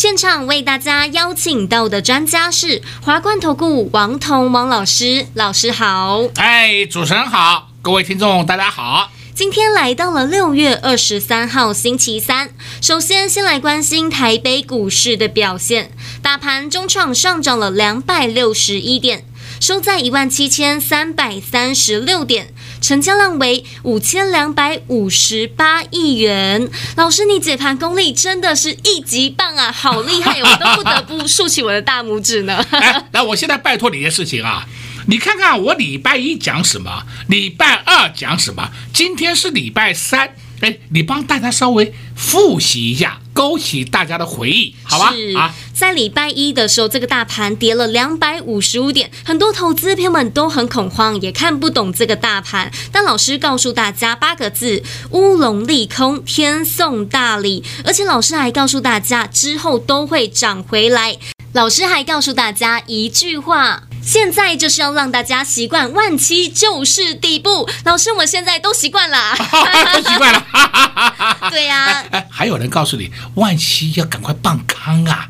現場為大家邀請到的專家是華冠投顧王彤王老師，老師好。哎，主持人好，各位聽眾大家好。今天來到了六月二十三號星期三，首先先來關心台北股市的表現，大盤中創上漲了兩百六十一點，收在一萬七千三百三十六點，成交量為五千兩百五十八億元。老師，你解盤功力真的是一級棒啊，好厲害喲，我都不得不豎起我的大拇指呢。哎、來，我現在拜托你一件事情啊，你看看我禮拜一講什麼，禮拜二講什麼，今天是禮拜三。哎，你幫大家稍微復習一下，勾起大家的回憶，好吧？是啊，在禮拜一的時候，這個大盤跌了兩百五十五點，很多投資朋友們都很恐慌，也看不懂這個大盤。但老師告訴大家八個字：烏龍利空，天送大禮。而且老師還告訴大家，之後都會漲回來。老師還告訴大家一句話。現在就是要讓大家習慣萬七就是底部。老師，我現在都習慣了，啊、都習慣了，對呀。哎，還有人告訴你萬七要趕快棒康啊，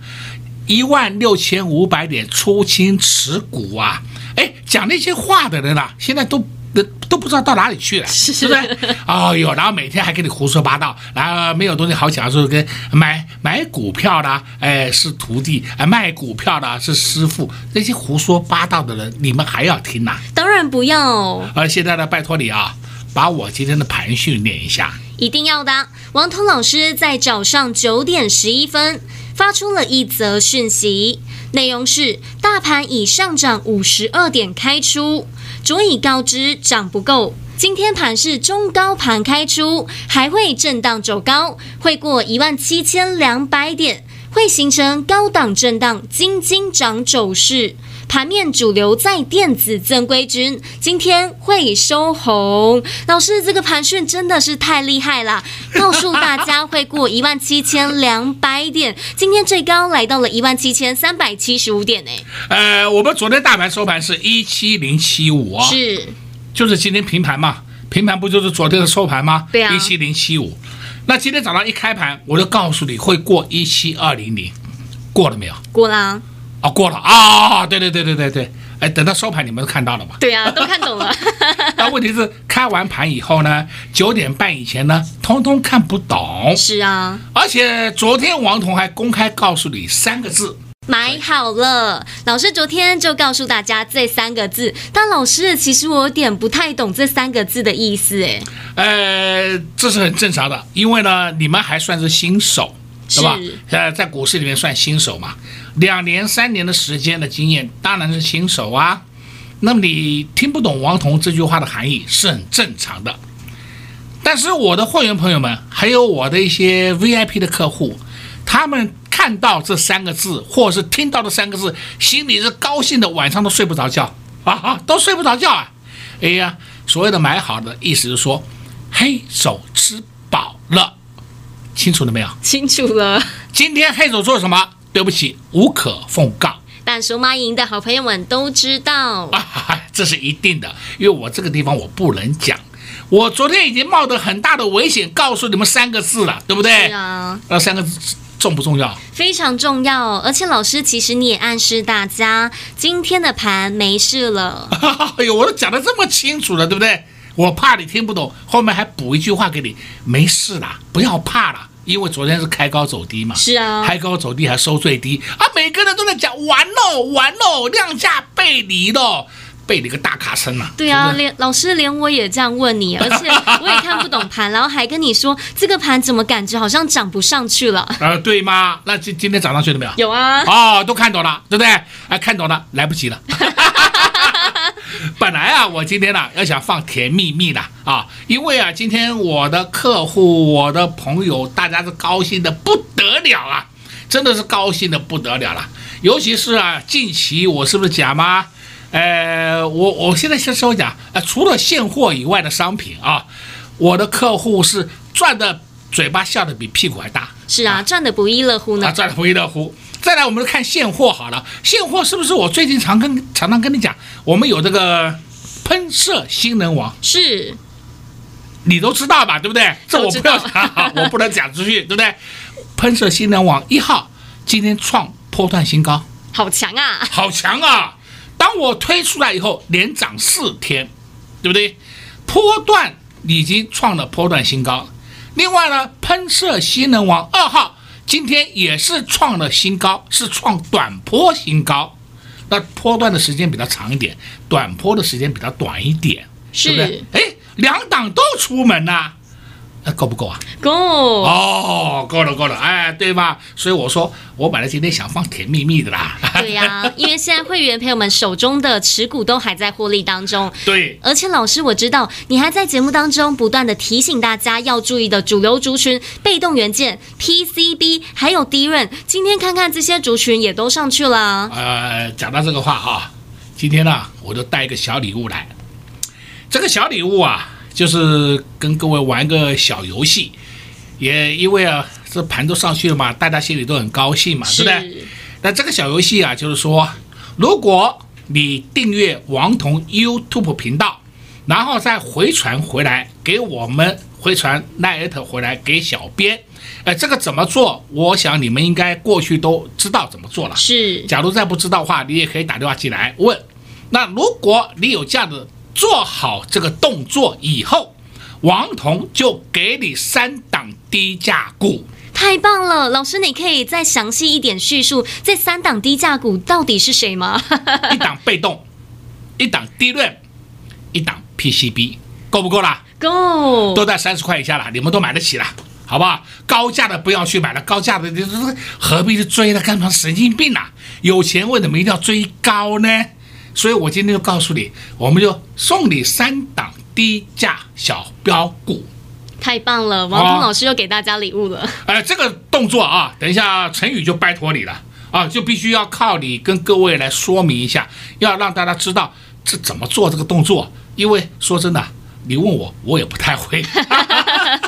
一萬六千五百點出清持股啊，哎，講那些話的人呢、啊，現在都。那都不知道到哪裡去了，是，是對不對？ 哦呦，然後每天還跟你胡說八道，然後沒有東西好講，就是跟買買股票的，哎，是徒弟；哎，賣股票的是師傅。那些胡說八道的人，你們還要聽吶、啊？當然不要、哦。而、啊、現在呢，拜托你啊，把我今天的盤訊念一下。一定要的。王通老師在早上九點十一分發出了一則訊息，內容是：大盤已上漲五十二點，開出。足以告知漲不夠。今天盤是中高盤開出，還會震盪走高，會過一萬七千兩百點，會形成高檔震盪，驚驚漲走勢。盤面主流在電子正規軍，今天會收紅。老師，這個盤勢真的是太厲害了，告訴大家會過一萬七千兩百點，今天最高來到了一萬七千三百七十五點呢。呃，我們昨天大盤收盤是一七零七五啊，是，就是今天平盤嘛，平盤不就是昨天的收盤嗎？對啊，一七零七五。那今天早上一開盤，我就告訴你會過一七二零零，過了沒有？過了啊。啊、哦，過了啊、哦！對對對對對對，哎，等到收盤你們都看到了吧？對啊，都看懂了。但 問題是，開完盤以後呢，九點半以前呢，通通看不懂。是啊，而且昨天王彤還公開告訴你三個字，買好了。對老師昨天就告訴大家這三個字，但老師其實我有點不太懂這三個字的意思，哎。呃，這是很正常的，因為呢，你們還算是新手。是吧？呃，在股市裡面算新手嘛，兩年三年的時間的經驗，當然是新手啊。那麼你聽不懂王彤這句話的含義是很正常的。但是我的會員朋友們，還有我的一些 VIP 的客戶，他們看到這三個字，或者是聽到這三個字，心裡是高興的，晚上都睡不着覺啊，都睡不着覺啊。哎呀，所謂的買好的意思是說，黑手吃飽了。清楚了沒有？清楚了。今天黑手做什麼？對不起，無可奉告。但熟媽贏的好朋友們都知道、啊，這是一定的，因為我這個地方我不能講。我昨天已經冒着很大的危險告訴你們三個字了，對不對？對啊。那、啊、三個字重不重要？非常重要。而且老師，其實你也暗示大家，今天的盤沒事了、啊。哎呦，我都講得這麼清楚了，對不對？我怕你聽不懂，後面還補一句話給你，沒事了，不要怕了。因為昨天是開高走低嘛，是啊，開高走低還收最低啊，每個人都在講完嘍，完嘍，量價背離嘍，背了個大卡身啊。對啊，是是連老師連我也這樣問你，而且我也看不懂盤， 然後還跟你說這個盤怎麼感覺好像漲不上去了。呃，對嗎？那今今天漲上去了沒有？有啊。哦，都看懂了，對不對？啊、呃，看懂了，來不及了。 本來啊，我今天呢、啊、要想放甜蜜蜜的啊，因為啊，今天我的客戶、我的朋友，大家是高興的不得了啊，真的是高興的不得了了、啊。尤其是啊，近期我是不是講嗎？呃，我我現在先說一下，啊、呃、除了現貨以外的商品啊，我的客戶是賺的嘴巴笑的比屁股還大、啊。是啊，賺的不亦樂乎呢。啊，賺的不亦樂乎。再來，我們看現貨好了。現貨是不是我最近常跟常常跟你講，我們有這個噴射新能王，是，你都知道吧，對不對？這我不要講，我不能 講出去，對不對？噴射新能王一號今天創波段新高，好強啊！好強啊！當我推出來以後，連漲四天，對不對？波段已經創了波段新高。另外呢，噴射新能王二號。今天也是創了新高，是創短波新高，那波段的時間比較長一點，短波的時間比較短一點，是不是？哎，兩檔都出門吶。那夠不夠啊？夠哦，夠了夠了，哎，對吧？所以我說，我本來今天想放甜蜜蜜的啦。對呀，因為現在會員朋友們手中的持股都還在獲利當中。對，而且老師，我知道你還在節目當中不斷的提醒大家要注意的主流族群、被動元件、PCB 還有低潤，今天看看這些族群也都上去了。呃，講到這個話哈，今天呢，我就帶一個小禮物來，這個小禮物啊。就是跟各位玩個小遊戲，也因為啊，這盤都上去了嘛，大家心裡都很高興嘛，是對不對？那這個小遊戲啊，就是說，如果你訂閱王彤 YouTube 頻道，然後再回傳回來給我們，回傳 Net 回來給小編，哎、呃，這個怎麼做？我想你們應該過去都知道怎麼做了。是，假如再不知道的話，你也可以打電話進來問。那如果你有這樣的，做好這個動作以後，王彤就給你三檔低價股，太棒了，老師，你可以再詳細一點敘述這三檔低價股到底是誰嗎？一檔被動，一檔 DRAM，一檔 PCB，夠不夠了？夠，都在三十塊以下了，你們都買得起了，好不好？高價的不要去買了，高價的你何必去追呢？幹嘛神經病呢、啊？有錢為什麼一定要追高呢？所以，我今天就告訴你，我們就送你三檔低價小飆股，太棒了！王東老師又給大家禮物了。哦，哎，這個動作啊，等一下，陳宇就拜托你了啊，就必須要靠你跟各位來說明一下，要讓大家知道這怎麼做這個動作。因為說真的，你問我，我也不太會哈哈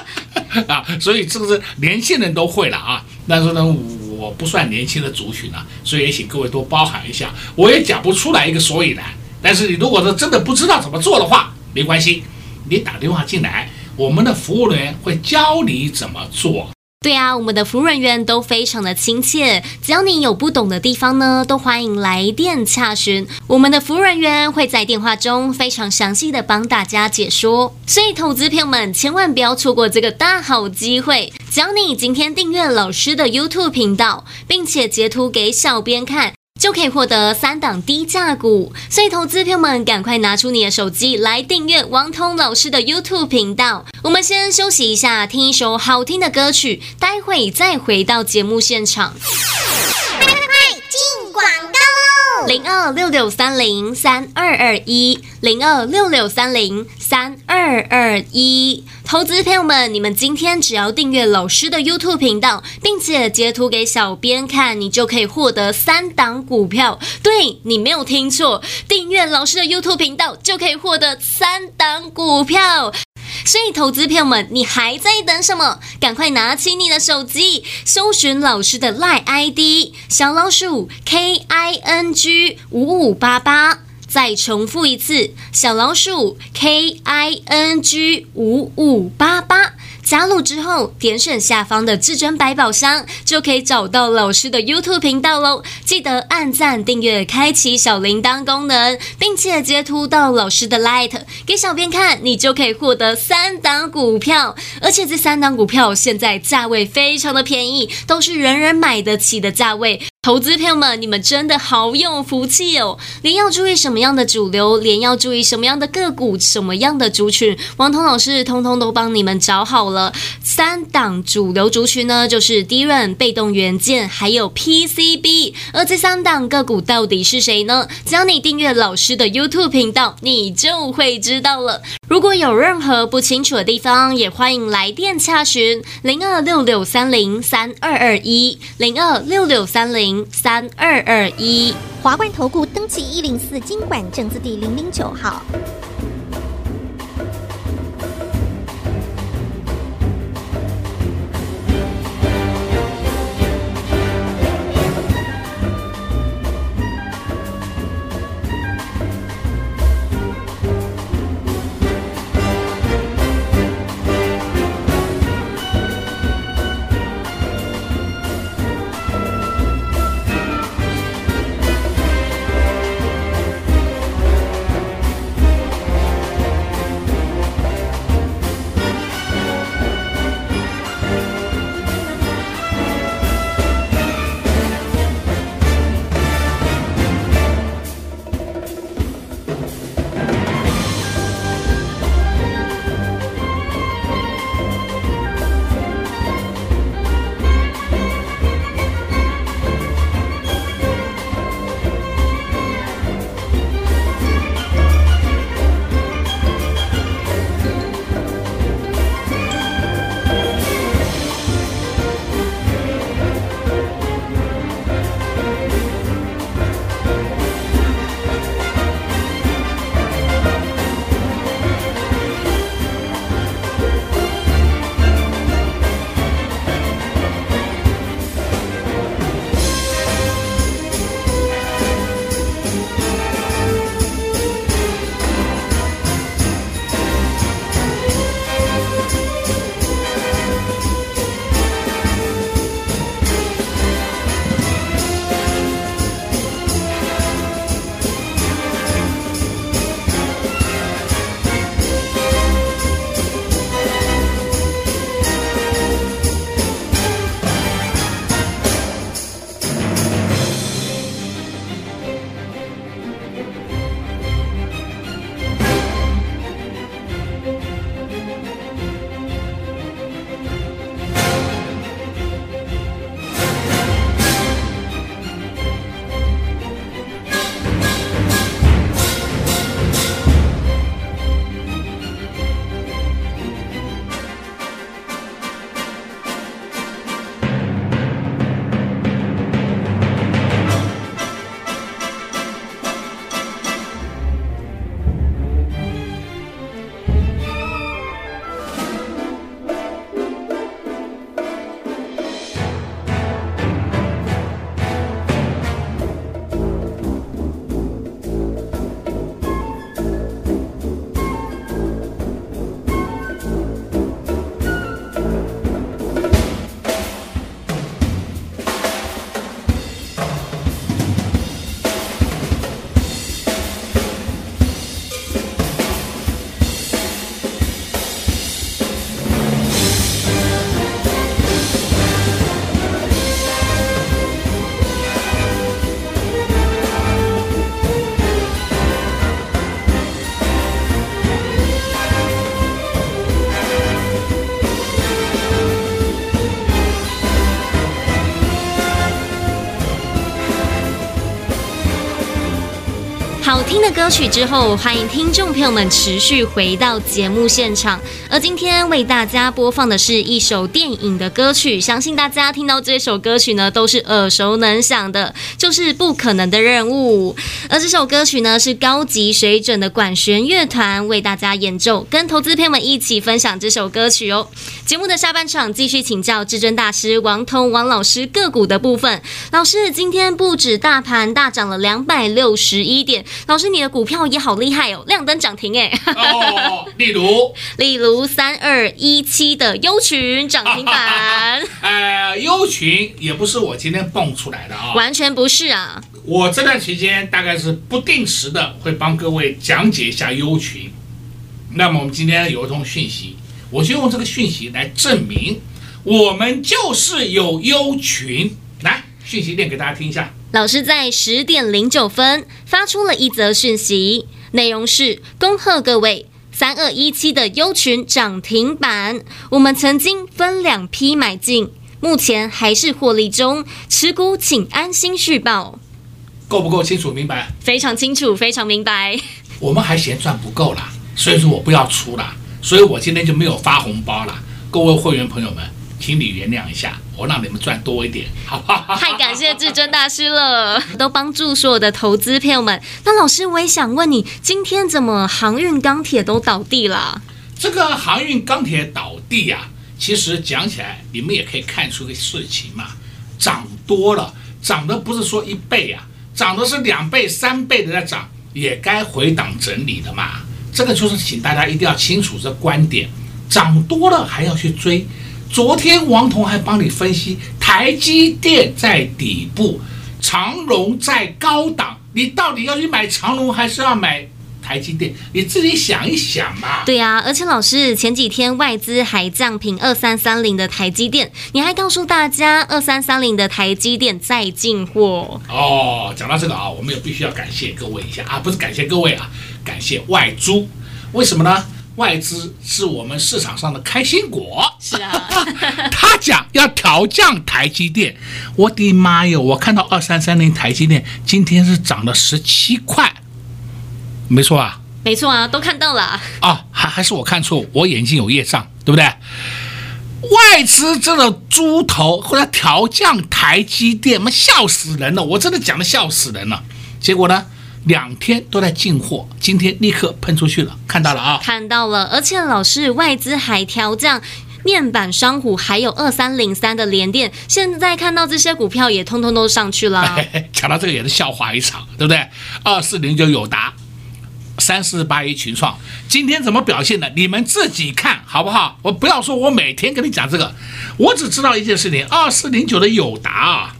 啊，所以這個是年輕人都會了啊，但是呢，我。我不算年輕的族群呢、啊，所以也請各位多包涵一下。我也講不出來一個所以然，但是你如果說真的不知道怎麼做的話，沒關係，你打電話進來，我們的服務人員會教你怎麼做。對啊，我們的服務人員都非常的親切，只要你有不懂的地方呢，都歡迎來電洽詢，我們的服務人員會在電話中非常詳細的幫大家解說。所以投資朋友們千萬不要錯過這個大好機會，只要你今天訂閱老師的 YouTube 頻道，並且截圖給小編看。就可以獲得三檔低價股，所以投資朋友們趕快拿出你的手機來訂閱王通老師的 YouTube 頻道。我們先休息一下，聽一首好聽的歌曲，待會再回到節目現場。快快快，進廣告嘍！零二六六三零三二二一，零二六六三零三二二一。投資朋友們，你們今天只要訂閱老師的 YouTube 頻道，並且截圖給小編看，你就可以獲得三檔股票。對，你沒有聽錯，訂閱老師的 YouTube 頻道就可以獲得三檔股票。所以，投資朋友們，你還在等什麼？趕快拿起你的手機，搜尋老師的 LINE ID 小老鼠 KING 五五八八。再重複一次，小老鼠 K I N G 五五八八加入之後，點選下方的至尊百寶箱，就可以找到老師的 YouTube 頻道嘍。記得按讚、訂閱、開啟小鈴鐺功能，並且截圖到老師的 LINE 給小編看，你就可以獲得三檔股票。而且這三檔股票現在價位非常的便宜，都是人人買得起的價位。投資朋友們，你們真的好有福氣哦！連要注意什麼樣的主流，連要注意什麼樣的個股，什麼樣的族群，王彤老師通通都幫你們找好了。三檔主流族群呢，就是低潤、被動元件還有 PCB。而這三檔個股到底是誰呢？只要你訂閱老師的 YouTube 頻道，你就會知道了。如果有任何不清楚的地方，也歡迎來電查詢零二六六三零三二二一零二六六三零三二二一華冠投顧登記一零四金管證字第零零九號。聽的歌曲之後，歡迎聽眾朋友們持續回到節目現場。而今天為大家播放的是一首電影的歌曲，相信大家聽到這首歌曲呢都是耳熟能詳的，就是《不可能的任務》。而這首歌曲呢是高級水準的管弦樂團為大家演奏，跟投資朋友們一起分享這首歌曲哦。節目的下半場繼續請教至尊大師王通王老師個股的部分。老師，今天不止大盤大漲了兩百六十一點，老師。是你的股票也好厲害哦，亮燈漲停誒、哦。例如，例如三二一七的優群漲停板。哈哈哈哈呃，優群也不是我今天蹦出來的啊、哦，完全不是啊。我這段期間大概是不定時的會幫各位講解一下優群。那麼我們今天有一通訊息，我就用這個訊息來證明，我們就是有優群。來，訊息念給大家聽一下。老師在十點零九分發出了一則訊息，內容是：恭賀各位，三二一七的優群漲停板，我們曾經分兩批買進，目前還是獲利中，持股請安心續抱，夠不夠清楚明白？非常清楚，非常明白。我們還嫌賺不夠了，所以說我不要出了，所以我今天就沒有發紅包了。各位會員朋友們，請你原諒一下。我讓你們賺多一點，好不好？太感謝至尊大師了，都幫助所有的投資朋友們。那老師，我也想問你，今天怎麼航運鋼鐵都倒地了？這個航運鋼鐵倒地呀、啊，其實講起來，你們也可以看出個事情嘛，漲多了，漲的不是說一倍啊，漲的是兩倍、三倍的在漲，也該回檔整理的嘛。這個就是請大家一定要清楚這觀點，漲多了還要去追。昨天王彤還幫你分析，台積電在底部，長榮在高檔，你到底要去買長榮還是要買台積電？你自己想一想嘛、啊。對呀、啊，而且老師前幾天外資還降評二三三零的台積電，你還告訴大家二三三零的台積電在進貨。哦，講到這個啊，我們也必須要感謝各位一下啊，不是感謝各位啊，感謝外租，為什麼呢？外資是我們市場上的開心果，是啊。 他講要調降台積電，我的媽喲！我看到二三三零台積電今天是漲了十七塊，沒錯啊，沒錯啊，都看到了。啊，還還是我看錯，我眼睛有葉障，對不對？外資這個豬頭，後來調降台積電，媽，笑死人了！我真的講的笑死人了。結果呢？兩天都在進貨，今天立刻噴出去了，看到了啊，看到了，而且老師外資還調降，面板雙虎還有二三零三的聯電。現在看到這些股票也通通都上去了，哎、講到這個也是笑話一場，對不對？二四零九友達，三四八一群創，今天怎麼表現的？你們自己看好不好？我不要說我每天跟你講這個，我只知道一件事情，二四零九的友達啊。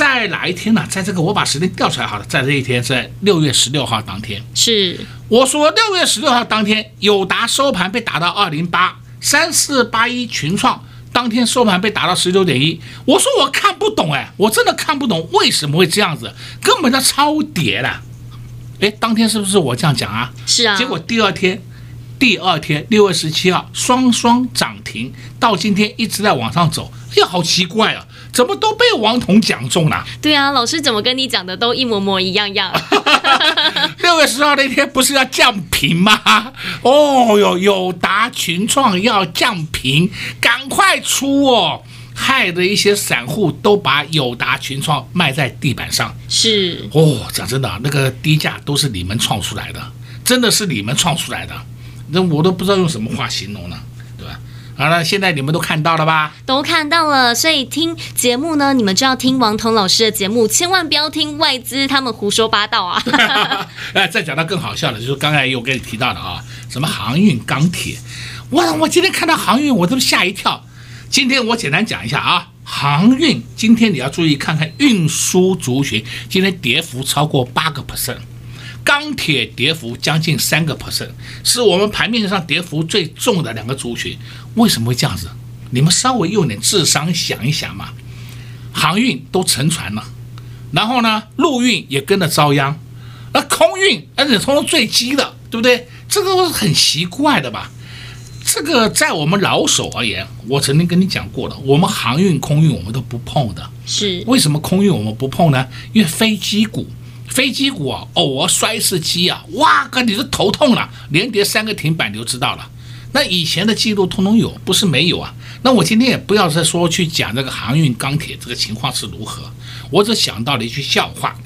在哪一天呢？在這個我把時間調出來好了，在這一天，在六月十六號當天，是我說六月十六號當天，友達收盤被打到二零八，三四八一群創當天收盤被打到十九點一。我說我看不懂哎，我真的看不懂為什麼會這樣子，根本就超跌了。哎，當天是不是我這樣講啊？是啊。結果第二天，第二天六月十七號雙雙漲停，到今天一直在往上走。哎呀，好奇怪啊。怎麼都被王彤講中了，啊？對啊，老師怎麼跟你講的都一模模一樣樣。六 月十號那天不是要降評嗎？哦喲，友達群創要降評，趕快出哦！害得一些散戶都把友達群創賣在地板上。是哦，講真的，啊，那個低價都是你們創出來的，真的是你們創出來的，那我都不知道用什麼話形容呢，對吧？好了、啊，現在你們都看到了吧？都看到了，所以聽節目呢，你們就要聽王彤老師的節目，千萬不要聽外資他們胡說八道啊， 啊！再講到更好笑的就是剛才有跟你提到的啊，什麼航運、鋼鐵，哇，我今天看到航運，我都嚇一跳。今天我簡單講一下啊，航運今天你要注意看看運輸族群，今天跌幅超過八個 percent，鋼鐵跌幅將近三個 percent，是我們盤面上跌幅最重的兩個族群。為什麼會這樣子？你們稍微用點智商想一想嘛。航運都沉船了，然後呢，陸運也跟着遭殃，那空運而且通通墜機了，對不對？這個都是很奇怪的吧？這個在我們老手而言，我曾經跟你講過了，我們航運、空運我們都不碰的。是為什麼空運我們不碰呢？因為飛機股，飛機股啊，偶爾摔一次機啊，哇哥，你都頭痛了，連跌三個停板你就知道了。那以前的記錄通通有，不是沒有啊。那我今天也不要再說去講這個航運、鋼鐵這個情況是如何，我只想到了一句笑話。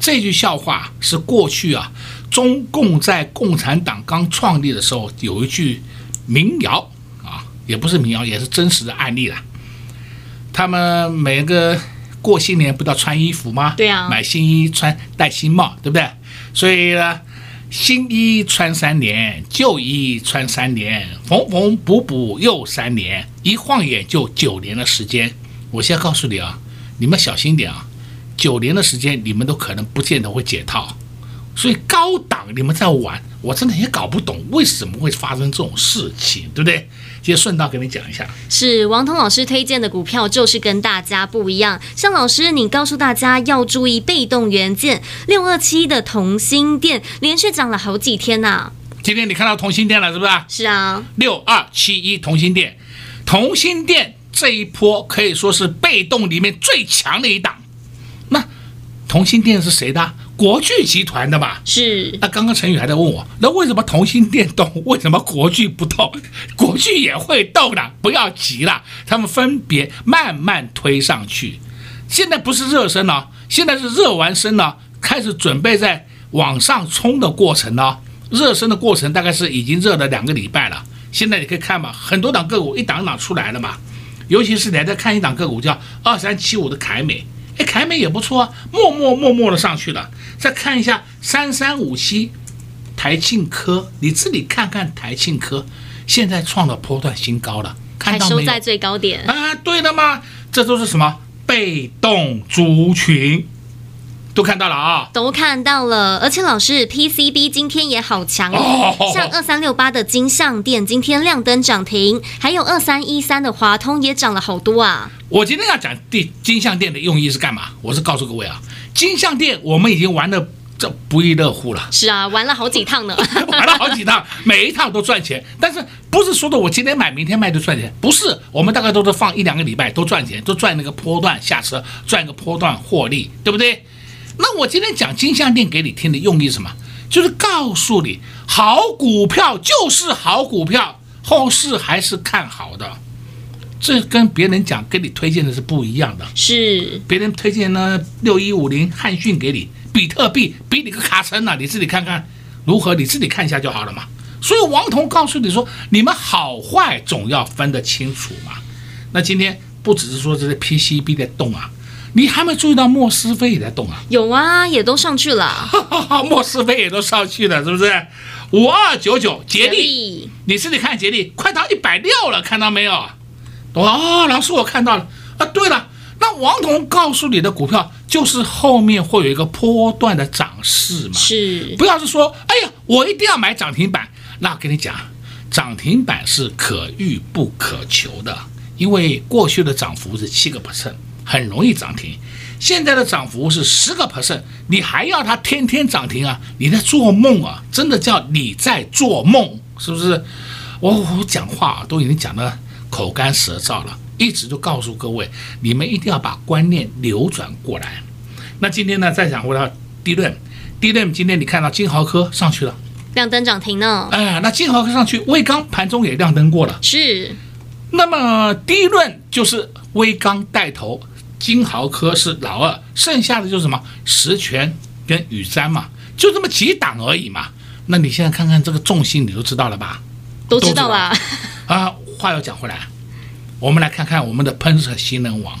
這句笑話是過去啊，中共在共產黨剛創立的時候有一句民謠啊，也不是民謠，也是真實的案例啦。他們每個過新年不都要穿衣服嗎？對啊，買新衣穿，戴新帽，對不對？所以呢。新衣穿三年，舊衣穿三年，縫縫補補又三年，一晃眼就九年的時間。我先告訴你啊，你們小心點啊，九年的時間你們都可能不見得會解套。所以高檔你們在玩，我真的也搞不懂為什麼會發生這種事情，對不對？就順道給你講一下，是王彤老師推薦的股票，就是跟大家不一樣。像老師，你告訴大家要注意被動元件六二七的同欣電連續漲了好幾天吶、啊。今天你看到同欣電了是不是？是啊，六二七一同欣電。同欣電這一波可以說是被動裡面最強的一檔。那同欣電是誰的、啊？國巨集團的嘛，是。那剛剛陳宇還在問我，那為什麼同心電動為什麼國巨不動？國巨也會動的，不要急了，他們分別慢慢推上去。現在不是熱身了，現在是熱完身了，開始準備在往上衝的過程了。熱身的過程大概是已經熱了兩個禮拜了。現在你可以看嘛，很多檔個股一檔一檔出來了嘛，尤其是你還在看一檔個股叫二三七五的凱美，哎，凱美也不錯啊，默默默默默的上去了。再看一下三三五七，台慶科，你自己看看台慶科，現在創了波段新高了，看到沒？還收在最高點啊！對的嗎？這都是什麼被動族群，都看到了啊！都看到了，而且老師 PCB 今天也好強，哦、像二三六八的金像電今天亮燈漲停，還有二三一三的華通也漲了好多啊！我今天要講第金像電的用意是幹嘛？我是告訴各位啊。金像電我們已經玩得這不亦樂乎了。是啊，玩了好幾趟呢， 玩了好幾趟，每一趟都賺錢。但是不是說的我今天買明天賣就賺錢？不是，我們大概都是放一兩個禮拜都賺錢，都賺那個波段下車，賺一個波段獲利，對不對？那我今天講金像電給你聽的用意是什麼？就是告訴你，好股票就是好股票，後市還是看好的。這跟別人講，跟你推薦的是不一樣的，是別人推薦呢六一五零撼訊給你，比特幣比你個卡神吶、啊。你自己看看如何，你自己看一下就好了嘛。所以王彤告訴你說，你們好壞總要分得清楚嘛。那今天不只是說這些 PCB 在動啊，你還沒注意到莫斯菲也在動啊？有啊，也都上去了，哈哈，莫斯菲也都上去了，是不是？五二九九杰力，力你自己看杰力快到一百六了，看到沒有？哦，老師，我看到了啊！對了，那王彤告訴你的股票，就是後面會有一個波段的漲勢嘛？是。不要是說，哎呀，我一定要買漲停板。那我跟你講，漲停板是可遇不可求的，因為過去的漲幅是七個 percent，很容易漲停；現在的漲幅是十個 percent，你還要它天天漲停啊？你在做夢啊！真的叫你在做夢，是不是？我我講話啊，都已經講了。口乾舌燥了，一直就告訴各位，你們一定要把觀念扭轉過來。那今天呢，再講回到 DRAM，DRAM 今天你看到金豪科上去了，亮燈漲停呢。哎、呃，那金豪科上去，威剛盤中也亮燈過了。是，那麼 DRAM 就是威剛帶頭，金豪科是老二，剩下的就是什麼十銓跟宇瞻嘛，就這麼幾檔而已嘛。那你現在看看這個重心，你就知道了吧？都知道吧 啊。話要講回來、啊，我們來看看我們的噴射新人王，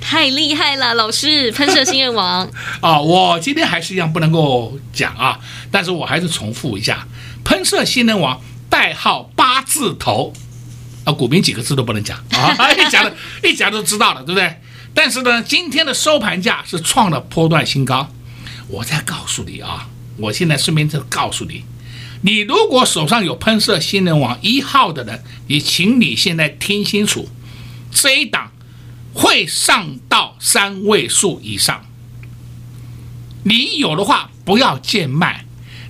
太厲害了，老師，噴射新人王啊 哦！我今天還是一樣不能夠講啊，但是我還是重複一下，噴射新人王代號八字頭啊，股民幾個字都不能講啊，一講 一講就知道了，對不對？但是呢，今天的收盤價是創了波段新高，我再告訴你啊，我現在順便就告訴你。你如果手上有噴射新能源一號的人，你請你現在聽清楚，這一檔會上到三位數以上。你有的話不要賤賣，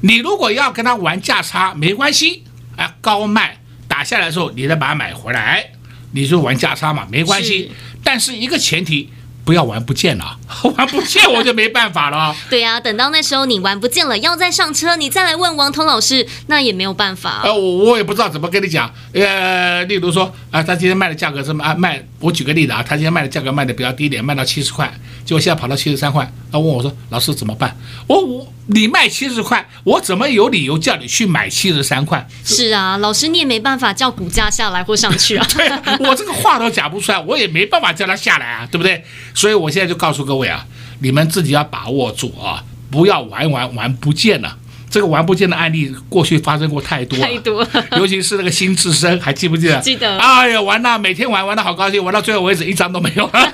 你如果要跟他玩價差沒關係，啊，高賣打下來的時候你再把它買回來，你就玩價差嘛，沒關係。是但是一個前提。不要玩不見了，玩不見我就沒辦法了、啊。 對呀、啊，等到那時候你玩不見了，要再上車，你再來問王通老師，那也沒有辦法、啊。呃，我我也不知道怎麼跟你講。呃，例如說啊，他今天賣的價格是賣、啊、賣，我舉個例子啊，他今天賣的價格賣的比較低一點，賣到七十塊，結果現在跑到七十三塊，他、啊、問我說，老師怎麼辦？我我。你賣七十塊，我怎麼有理由叫你去買七十三塊？是啊，老師你也沒辦法叫股價下來或上去啊。 對啊，我這個話都講不出來，我也沒辦法叫它下來啊，對不對？所以我現在就告訴各位啊，你們自己要把握住啊，不要玩玩玩不見了。這個玩不見的案例，過去發生過太多啊，太多。尤其是那個新至陞，還記不記得？記得。哎呀，玩吶，每天玩玩的好高興，玩到最後為止一張都沒有了。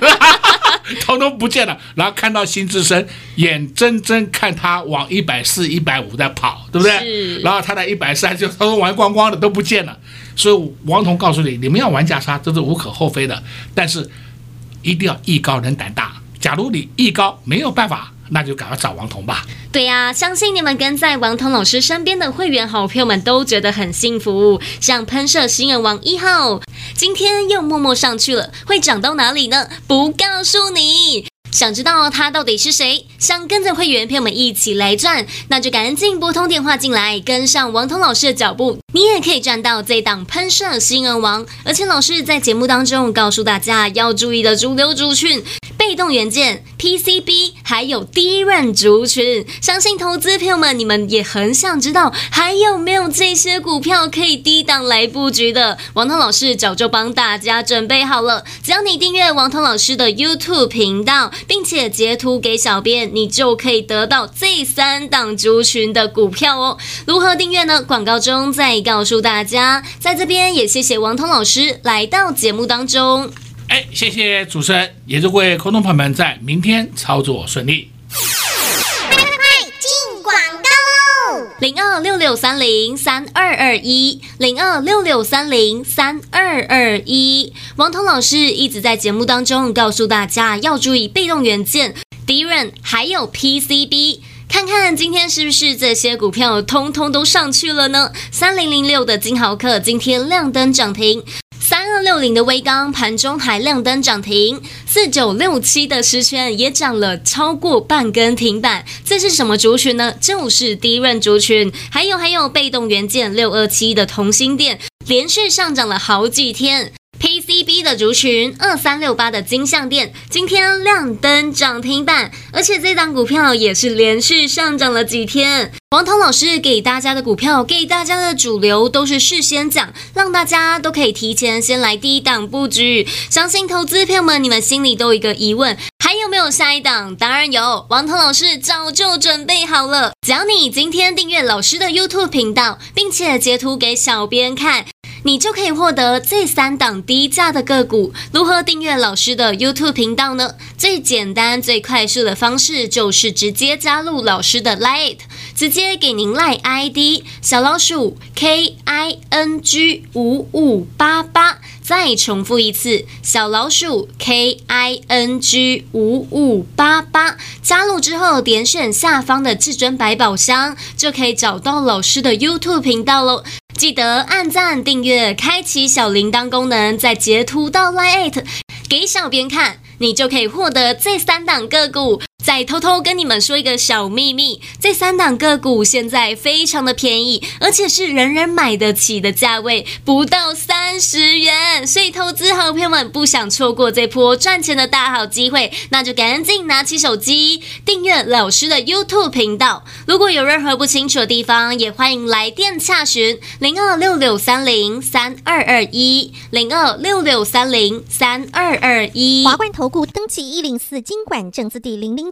統統不見了，然後看到新之深，眼睜睜看他往一百四、一百五在跑，對不對？是然後他在一百三就，偷偷玩光光的都不見了。所以王彤告訴你，你們要玩加沙，這是無可厚非的，但是一定要藝高人膽大。假如你藝高沒有辦法，那就趕快找王彤吧。對呀、啊，相信你們跟在王彤老師身邊的會員好朋友們都覺得很幸福，像噴射新人王一號。今天又默默上去了，會漲到哪裡呢？不告訴你。想知道他到底是誰？想跟着會員朋友們一起來賺，那就趕緊撥通電話進來，跟上王通老師的腳步，你也可以賺到這檔噴射新人王。而且老師在節目當中告訴大家要注意的主流族群、被動元件、PCB，還有低潤族群，相信投資朋友們你們也很想知道還有沒有這些股票可以低檔來佈局的。王通老師早就幫大家準備好了，只要你訂閱王通老師的 YouTube 頻道。並且截圖給小編，你就可以得到這三檔族群的股票哦。如何訂閱呢？廣告中再告訴大家。在這邊也謝謝王通老師來到節目當中。哎，謝謝主持人，也祝各位觀眾朋友們在明天操作順利。零二六六三零三二二一，零二六六三零三二二一。王彤老師一直在節目當中告訴大家要注意被動元件、敵人還有 PCB，看看今天是不是這些股票通通都上去了呢？三零零六的晶豪科今天亮燈漲停。六零的威剛盤中還亮燈漲停，四九六七的十銓也漲了超過半根停板，這是什麼族群呢？就是低潤族群，還有還有被動元件六二七的同欣電連續上漲了好幾天。KCB 的族群，二三六八的金項店，今天亮燈漲停板，而且這檔股票也是連續上漲了幾天。王濤老師給大家的股票，給大家的主流都是事先講，讓大家都可以提前先來第一檔布局。相信投資票們，你們心裡都有一個疑問，還有沒有下一檔？當然有，王濤老師早就準備好了。只要你今天訂閱老師的 YouTube 頻道，並且截圖給小編看。你就可以獲得這三檔低價的個股。如何訂閱老師的 YouTube 頻道呢？最簡單、最快速的方式就是直接加入老師的 LINE，直接給您 LINE ID 小老鼠 King 五五八八。K I N G、8, 再重複一次，小老鼠 King 五五八八。K I N G、8, 加入之後，點選下方的至尊百寶箱，就可以找到老師的 YouTube 頻道嘍。記得按讚、訂閱、開啟小鈴鐺功能，再截圖到 LINE@，給小編看，你就可以獲得這三檔個股。再偷偷跟你們說一個小祕密，這三檔個股現在非常的便宜，而且是人人買得起的價位，不到三十元。所以投資好朋友們不想錯過這波賺錢的大好機會，那就趕緊拿起手機訂閱老師的 YouTube 頻道。如果有任何不清楚的地方，也歡迎來電洽詢零二六六三零三二二一零二六六三零三二二一華冠投顧登記一零四金管證字第零零。